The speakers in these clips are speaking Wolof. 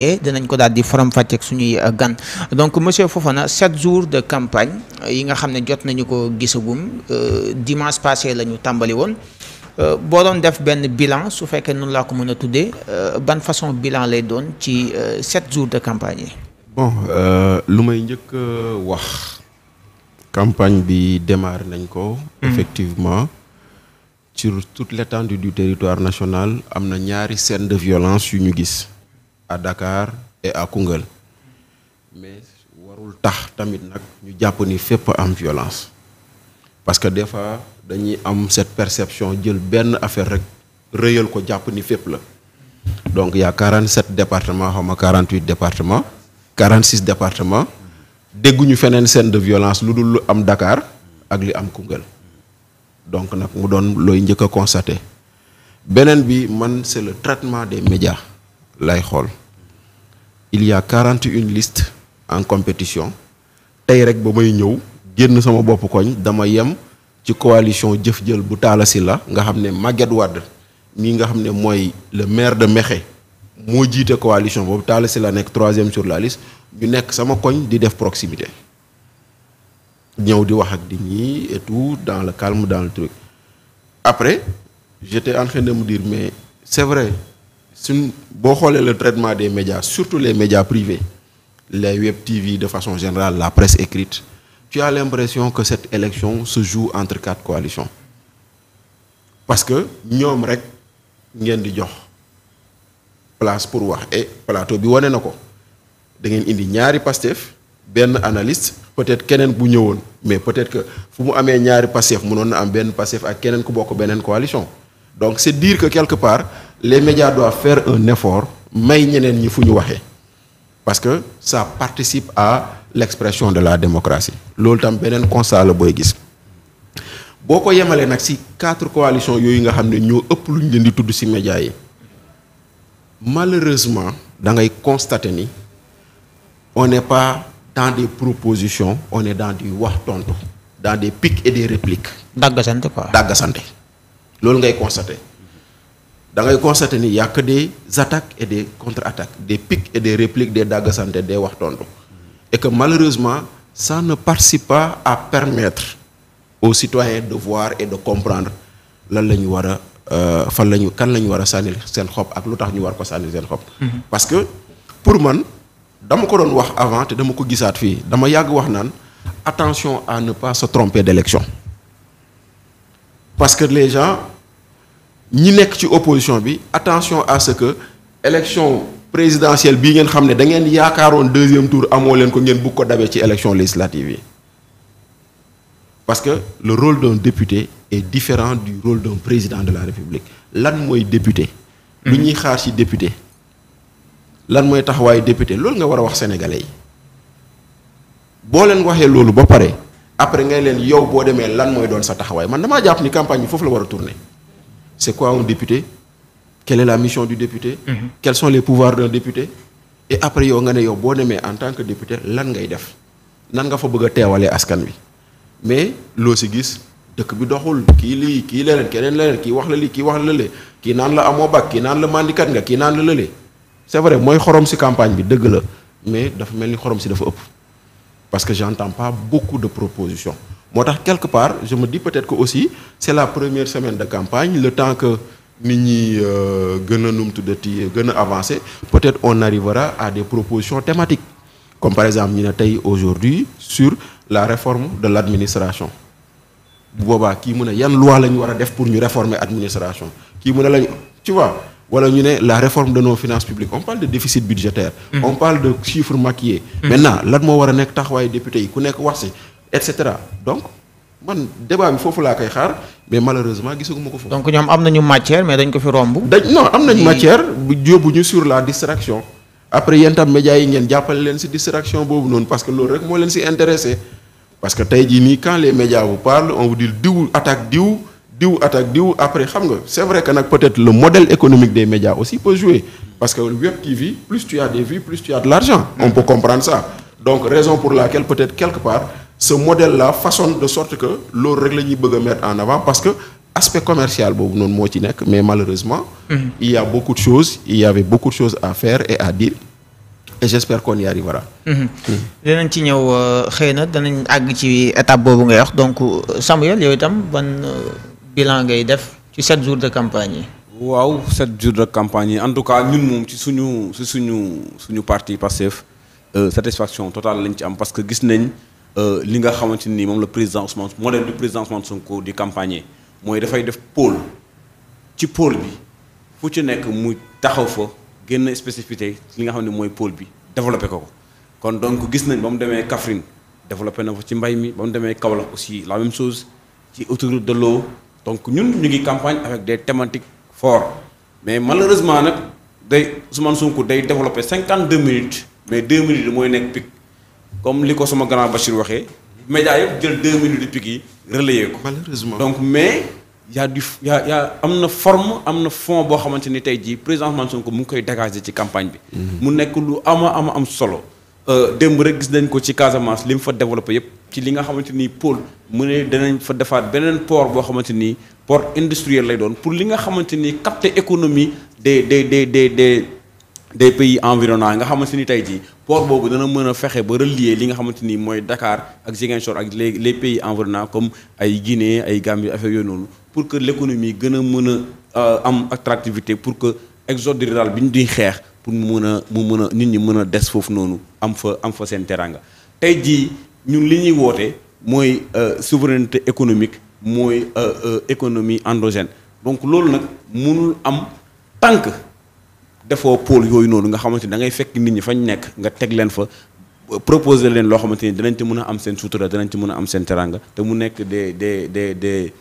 et ko daal di faram-fàcceeg suñuy euh, gan donc monsieur Fofana sept jours de campagne euh, yi nga xam ne jot nañu ko gisagum euh, dimanche passé la ñu tàmbali woon boo doon def benn bilan su fekkee nun laa ko mën a tuddee ban façon bilan lay doon ci sept jours de campagne yi. bon lu may njëkk wax campagne bi démarré nañ ko. Hmm. effectivement sur toute l'étendue du territoire national am na ñaari scène de violence yu ñu gis. à Dakar et à Koungheul mais warul tax tamit nag ñu jàpp ni fépp am violence parce que des fois dañuy am cette perception jël benn affaire rek rëyal ko jàpp ni fépp la donc y a 47 départements xaw ma 48 départements 46 départements dégguñu feneen scène de violence lu dul lu am Dakar ak li am Koungheul donc nag mu doon looy njëkk a constaté beneen bi man c'est le traitement des médias lay xool il y quarante et une en compétition tey rek ba may ñëw génn sama bopp koñ dama yem ci coalition jëf jël bu Talla la nga xam ne Maguette Wade mii nga xam ne mooy le maire de Mékhé moo jiite coalition boobu Talla Sylla nekk troisième sur la liste ñu nekk sama koñ di def proximité ñëw di wax ak di ñii et tout dans le calme dans le truc après j'étais en train de me mais c'est vrai suñ boo xoolee le traitement des médias surtout les médias privés les web TV de façon générale la press écrite tu as l'impression que cette élection se joue entre quatre coalitions parce que ñoom rek ngeen di jox place pour wax et plateau bi wane na ko da ngeen indi ñaari Pastef benn analyste peut-être keneen bu ñëwoon mais peut-être que fu mu amee ñaari mu mënoon na am benn Pastef ak keneen ku bokk beneen coalition donc c'est dire que quelque part les médias doivent faire un effort may ñeneen ñi fu ñu waxee parce que ça participe à l'expression de la démocratie loolu tam beneen constat la booy gis boo ko yemalee nag ci quatre coalitions yooyu nga xam ne ñoo ëpp lu ñu leen di tudd ci médias yi malheureusement da ngay constater ni on n'est pas dans des proposition on est dans du wax tontu dans des pics et des répliques. dàggasante quoi dàggasante loolu ngay constater. da ngay constater ni y' a que des attaques et des contre-attaques des pics et des répliques des dagg santé des wax tontu et que malheureusement ça ne participe pas à permettre aux voir et de comprendre lan la ñu war a euh, fan la kan la war a sànni seen xob ak lu tax ñu war ko sànni seen xob. Mm-hmm. parce que pour man dama ko doon wax avant te dama ko gisaat fii dama yàgg wax naan attention à ne pas se tromper d'élection parce que les gens. ñi nekk ci opposition bi attention à ce que élection présidentielle bi ngeen xam ne da ngeen yaakaaroon deuxième tour amoo leen ko ngeen bugg ko dabee ci élection législative yi parce que le rôle d'un député est différent du rôle d'un président de la République lan mooy député. lu ñuy mm-hmm. xaar ci député. lan mooy taxawaayu député loolu nga war a wax sénégalais yi boo leen waxee loolu ba pare après ngay leen yow boo demee lan mooy doon sa taxawaay man damaa jàpp ni campagne bi war a tourner. c'est quoi un député quelle la mission du député mm -hmm. quels sont les pouvoirs d'un député et après yow nga ne yow boo demee en tant que député lan ngay def nan nga fa bëgg teewalee askan wi mais loo si gis dëkk bi doxul kii lii kii leneen keneen leneen kii wax la lii kii wax la lële kii naan la amoo bac kii naan la mandikat nga kii naan la lële c'est vrai mooy xorom si campagne bi dëgg la mais dafa mel ni xorom si dafa ëpp parce que j'entends pas beaucoup de propositions moo tax quelque part je me dis peut-être que aussi c'est la première semaine de campagne le temps que nit ñi euh, gën a num ti gën a avancé peut-être on arrivera à des propositions thématiques comme par exemple ñu ne tey aujourd'hui sur la réforme de l'administration bu boobaa kii mu ne yan loi la ñu war a def pour ñu réformer administration kii mu ne lañ tu vois wala ñu ne la réforme de nos finances publiques parle de déficit budgétaire mm. on parle de chiffres mm. lan moo war a nekk taxawaayu député yi ku nekk wax si et cetera donc man débat bi foofu laa koy xaar mais malheureusement gisaguma ko foofu. donc ñoom am nañu matière mais dañ ko fi romb. dañ non am nañu matière bu ñu sur la distraction après yéen tam médias yi ngeen jàppale leen si distraction boobu noonu parce que loolu rek moo leen si intéressé parce que tey jii nii quand les médias vous parlent on vous diw attaque diw diw attaque diw après xam nga c'est vrai que nag peut-être le modèle économique des médias aussi tu tu as de on peut comprendre ça donc raison pour laquelle peut ce model la façon de sorte que loolu rek la ñuy bëgg a mettre en avant parce que aspect commercial boobu noonu moo ci nekk mais malheureusement. Mm -hmm. il y a beaucoup de choses il y avait beaucoup de choses à faire et à dire et j'espère qu'on y arrivera. Mm-hmm. Mm-hmm. dinañ ci ñëw euh, xëy na danañ àgg ci étape boobu ngay wax donc euh, Samuel yow itam ban euh, bilan ngay def ci sept jours de campagne yi. waaw sept jour de campagne yi en tout cas ñun moom ci suñu ci suñu suñu parti Pastef satisfaction totale lañ ci am parce que gis nañ. Euh, li nga xamante ni moom la président Ousmane modèle du président Ousmane Sonko di campagner mooy dafay def pôle ci pôle bi fu ci nekk mu taxaw fa génn spécificité li nga xam ne mooy pôle bi développé ko kon donc gis nañ ba mu demee Kaffrine développé na fa ci mbay mi ba mu demee Kaolack aussi la même chose ci autoroute de l'eau donc ñun ñu ngi campagne avec des thématiques fortes mais malheureusement nag day Ousmane Sonko day développé cinquante deux minutes mais deux minutes mooy nekk comme li ko sama grand Bachir waxee. média yëpp jël deux minutes di pic yi relayé ko. donc mais. y' a du y' am na forme am na fond boo xamante ni tey jii président ko mu ngi koy dégager ci campagne bi. Mhm. mu nekk lu ama ama am solo. Euh, démb rek gis nañ ko ci Casamance li mu fa développé yëpp ci li nga xamante ni pôle mu ne danañ fa defaat beneen port boo xamante ni port industriel lay doon pour li nga xamante ni capter économie des des des des des pays environnants nga xamante ni tey jii port boobu dana mën a fexe ba relier li nga xamante ni mooy Dakar ak Ziguinchor ak les les pays environnants comme ay Guinée ay Gambie affaire yooyu noonu pour que l' gën a mën a euh, am attractivité pour que exode rural bi ñu di xeex pour mu mën a mu mën a nit ñi mën a des foofu noonu am fa am fa seen teranga tey jii ñu li ñuy woote mooy euh, souverainité économique mooy euh, économie endogène donc loolu nag munul am tànk defoo pôle yooyu noonu nga xamante ni da ngay fekk nit ñi fañ nekk nga teg leen fa proposer leen loo xamante ni danañ ci mën a am seen sutura danañ ci mën a am seen teranga te mu nekk des des des des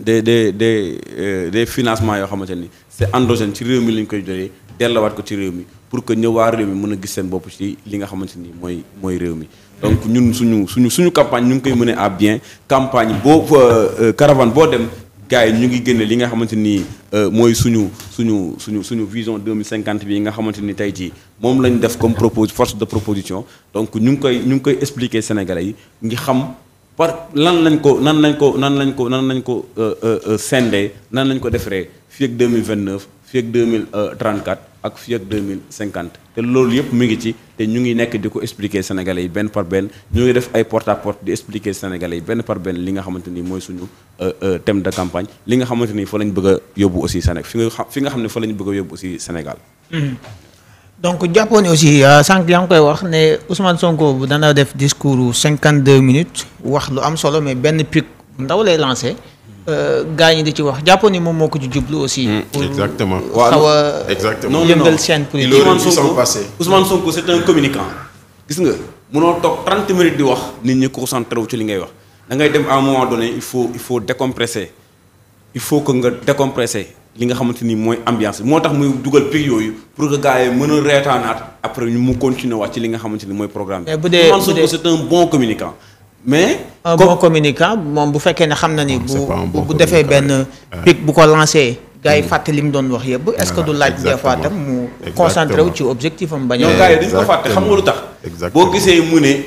des des des euh, des financements yoo xamante ni c'est endogène ci réew mi lañ koy joxee dellawaat ko ci réew mi pour que ñëw réew mi mun a gis seen bopp ci li nga xamante nii mooy mooy réew mi donc ñun suñu suñu suñu campagne ñu ngi koy mener à bien campagne boo euh, euh, caravane boo dem gars yi ñu ngi génnee li nga xamante ni euh, mooy suñu suñu suñu suñu vision cinquante bi nga xamante ni tey jii moom lañ def comme propos force de proposition donc ñu ngi koy ñu ngi koy expliquer sénégalais yi ngi xam par lan lañ ko nan lañ ko nan lañ ko nan lañ ko euh, euh, sendee nan lañ ko defaree fii ak 2029 fii ak 2034 ak fii ak deux mille cinquante te loolu yëpp mu ngi ci te ñu ngi nekk di ko expliquer sénégalais yi benn par benn ñu ngi def ay porte à porte di expliquer sénégalais yi benn par benn li nga xamante ni mooy suñu euh, euh, thème de campagne li nga xamante ni fa lañ bëgg a yóbbu aussi Sénégal fi nga xam fi nga xam ne fa lañ bëgg a yóbbu aussi Sénégal. Hmm. donc jàppoon aussi euh, yaa ngi koy wax ne Ousmane Sonko dana def discours cinquante deux minutes wax lu am solo mais benn pic ndaw lay lancé. Euh, gaa ñi di ci wax jàppoon ni moom moo ko ci jublu aussi. Mm, exactement pour xaw a. exactement yëngal seen politique. Ousmane Sonko Ousmane Sonko c'est un communicant. gis nga munoo toog 30 minutes di wax. nit ñi concentré wu ci li ngay wax da ngay dem à un moment donné il faut il faut décompresser il faut que nga nga xamante ni mooy ambiance bi moo tax muy dugal prix yooyu pour que gars yi mën a reetaanaat après ñu mu continuer waat ci li nga xamante ni mooy programme bi. mais bu dee Ousmane Sonko bon communicant. mais un bon communicant moom bu fekkee ne xam na ni bu bu defee benn pic bu ko lancé gars yi mm. fàtte li mu doon wax yëpp est-ce que du laaj des fois tam mu concentré wu am bañ a gars yi dañ ko fàtte xam nga lu tax boo gisee mu ne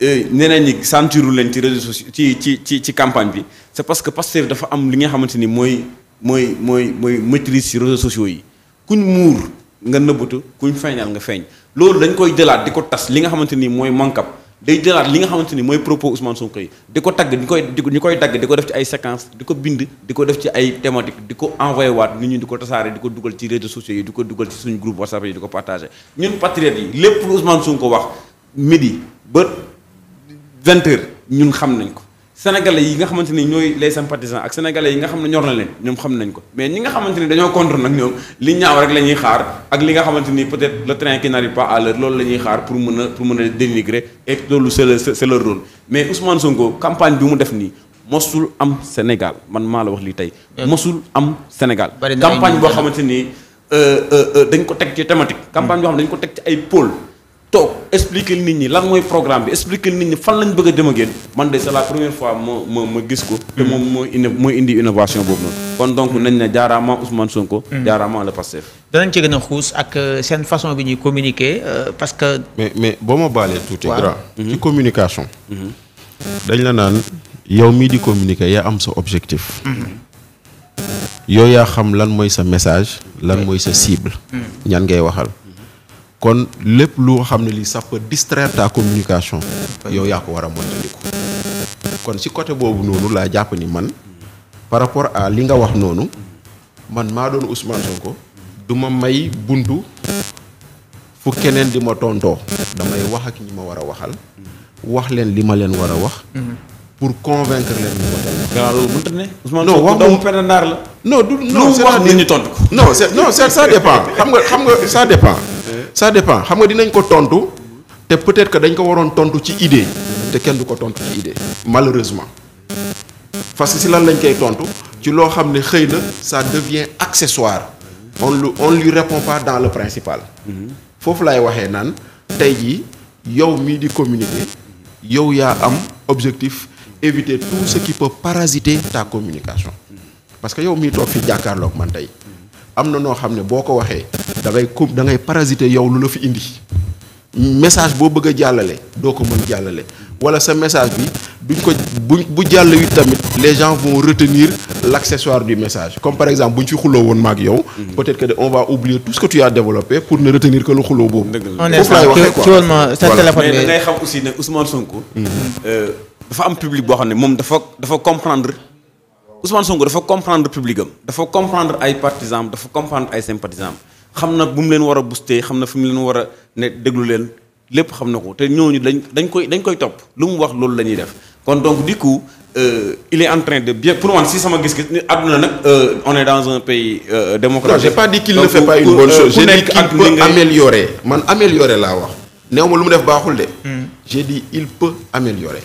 ñeneen eh, ñi ceinture leen ci réseaux sociaux ci ci ci ci campagne bi c'est parce que Pastef dafa am li nga xamante ni mooy mooy mooy mooy maîtrise ci réseaux sociaux yi kuñ muur nga nëbbatu kuñ feeñal nga feeñ loolu dañ koy jëlaat di ko tas li nga xamante ni mooy mankab day jëlaat li nga xamante ni mooy propos Ousmane ko yi di ko tagg di koy di ñu koy dagg di ko def ci ay séquence di ko bind di ko def ci ay thématique di ko envoyé waat nit ñi di ko tasaare di ko dugal ci réseaux sociaux yi di ko dugal ci suñu groupe WhatsApp yi di ko partagé ñun patriotes yi lépp lu Ousmane ko wax midi ba vingt ñun xam nañ ko sénégalais yi nga xamante ni ñooy les sympathisants ak sénégalais yi nga xam ne ñor na leen ñoom xam nañ ko mais ñi nga xamante ni dañoo contre nag ñoom li ñaaw rek la xaar ak li nga xamante ni peut-être le train qui n'arrive pas à loolu la ñuy xaar pour mën a pour mën a dénigrer et loolu c'est le c'est leur rôle mais Ousmane Sonko campagne bi mu def nii mosul am Sénégal man maa la wax lii tey euh, mosul am Sénégal campagne boo xamante ni euh, euh, dañ ko teg ci thématique campagne boo ko teg ci ay pôle toog expliquer nit ñi lan mooy programme bi expliquer nit ñi fan lañ bëgg a dem a génn man de c'est la première fois ma ma ma gis ko. te moom mooy indi mooy indi innovation boobu noonu. kon donc nañ ne jaaraama Ousmane ko hmm. jaaraama la Pastef. danañ ci gën a xuus ak euh, seen façon bi ñuy communiquer euh, parce que. mais boo ma baalee tuuti. grand hmm. ci communication. Hmm. dañ la naan yow mii di communiquer yaa am sa objectif. yow yaa xam lan mooy sa message. lan mooy sa cible. ñan ngay waxal. kon lépp lu xam ne lii ça peut distraire ta communication yow yaa ko war a moytandiku kon si côté boobu noonu laa jàpp ni man par rapport à li nga wax noonu man maa doon Ousmane Sonko du ma may buntu fu keneen di ma tontoo damay wax ak ñu ma war a waxal wax leen li ma leen war a wax pour convaincre leen ñu ko gannaaw loolu mënta ne. Ousmane non wax doomu pendandaar la. non du non wax nit ñi tontu ko. non c'est non c'est ça xam nga xam nga ça dépend. ça dépend xam nga dinañ ko tontu te peut-être que dañ ko waroon tontu ci idée te kenn du ko tontu ci idée malheureusement parce que si lan lañ koy tontu ci loo xam ne xëy na ça devient accessoire on lu on lui répond pas dans le principal. foofu laay waxee naan tey jii yow mii di communiquer yow yaa am objectif éviter tout ce qui peut parasiter ta communication parce que yow mii toog fi jàkkaarloog man tey am na noo xam ne boo ko waxee. da ngay com da ngay parasiter yow lu la fi indi message boo bëgg jàllale doo ko mën jàllale wala sa message bi duñ ko buñ bu jàll wi tamit les gens vont retenir l'accessoire du message comme par exemple bu ñu fi xuloo woon maak yow. Hmm. peut-être que on va oublier tout ce que tu as développé pour ne retenir que lu xuloo boobu. dëgg la da ngay euh, am public boo xam ne moom dafa dafa comprendre. Ousmane Sonko dafa comprendre public dafa comprendre ay partisans dafa comprendre ay sympathisants xam na bu mu leen war a boosté xam na fu mu leen war a ne déglu leen lépp xam na ko te ñooñu dañ dañ koy dañ koy topp lu mu wax loolu la ñuy def kon donc du coup euh, il est en de bien pour man si sama gis-gis ni àdduna nag euh, on est dans un pays euh, démocratique. j'ai pas dit qu'il ne fait pas une bonne chose. j'ai dit qu'il peut améliorer man améliorer laa wax. néew ma lu mu def baaxul de. Hmm. j'ai dit il peut améliorer.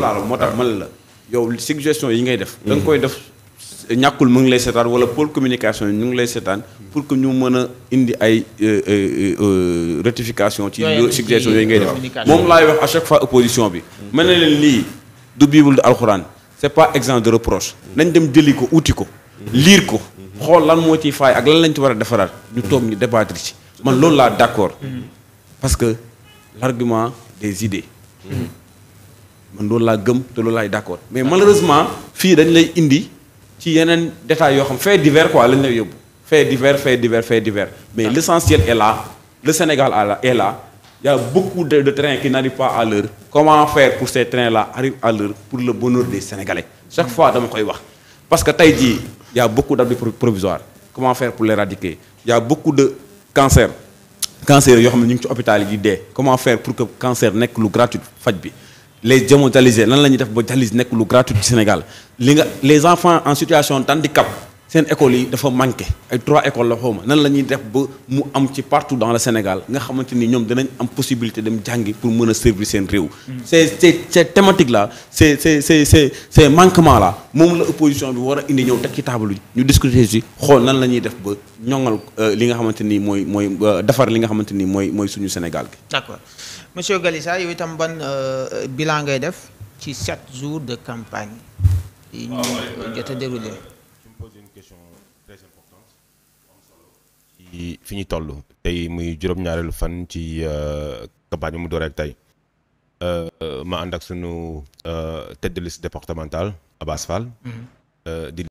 la moo tax man la yow suggestion yi ngay def. da hmm. koy def. ñàkkul mu ngi lay seetaan wala pôle communication ñu ngi lay seetaan pour que ñu mën a indi ay euh, euh, euh, rectification ci suggestion yooyu ngay def moom laay wax à chaque fois opposition bi mën na leen lii du bible du alxuraan c'est pas exempt de reproche nañ dem jëli ko uti ko liir ko xool lan moo ciy faay ak lan lañ ci war a defaraat ñu toog ñu débattre ci man loolu laa d'accord parce que l'argument des idées mm-hmm. man loolu laa gëm te loolu laay d'accord mais malheureusement fii dañ lay indi ci yeneen détails yoo xam fait divers quoi lañu lay yóbbu fait divers fait divers fait divers mais ah. l'essentiel est la le Sénégal est là il y a beaucoup de, de trains qui n'arrivent pas à l'heure comment faire pour ces trains là arrivent à l'heure pour le bonheur des Sénégalais chaque fois dama koy wax parce que tey jii yaa y a beaucoup d'abris provisoires comment faire pour l'éradiquer il y de cancer cancer yoo xam ne ñu ngi ci hôpital yi di comment faire pour que cancer nekk lu gratuit faj bi les démotalisés lan la ñuy def ba dialyse nekk lu gratuit Sénégal li nga les enfants en situation d'handicap seen école yi dafa manqué ay trois écoles la xaw nan la ñuy def ba mu am ci partout dans le Sénégal nga xamante ni ñoom danañ am possibilité dem jàngi pour mën a servir seen réew. Mm. ces ces ces thématiques là ces ces ces moom la opposition bi war indi ñëw teg ci table yi ñu discuter ci xool nan lañuy def ba ñoŋal euh, li nga xamante ni mooy mooy euh, defar li nga xamante ni mooy mooy suñu Sénégal gi. d'accord monsieur Galissa yow itam ban euh, bilaa ngay def ci sept jours de campagne. ci fi ñu toll tey muy juróom-ñaareelu fan ci euh, campagne bi mu door ak tey euh, ma ànd ak sunu euh, tête de liste départementale Abass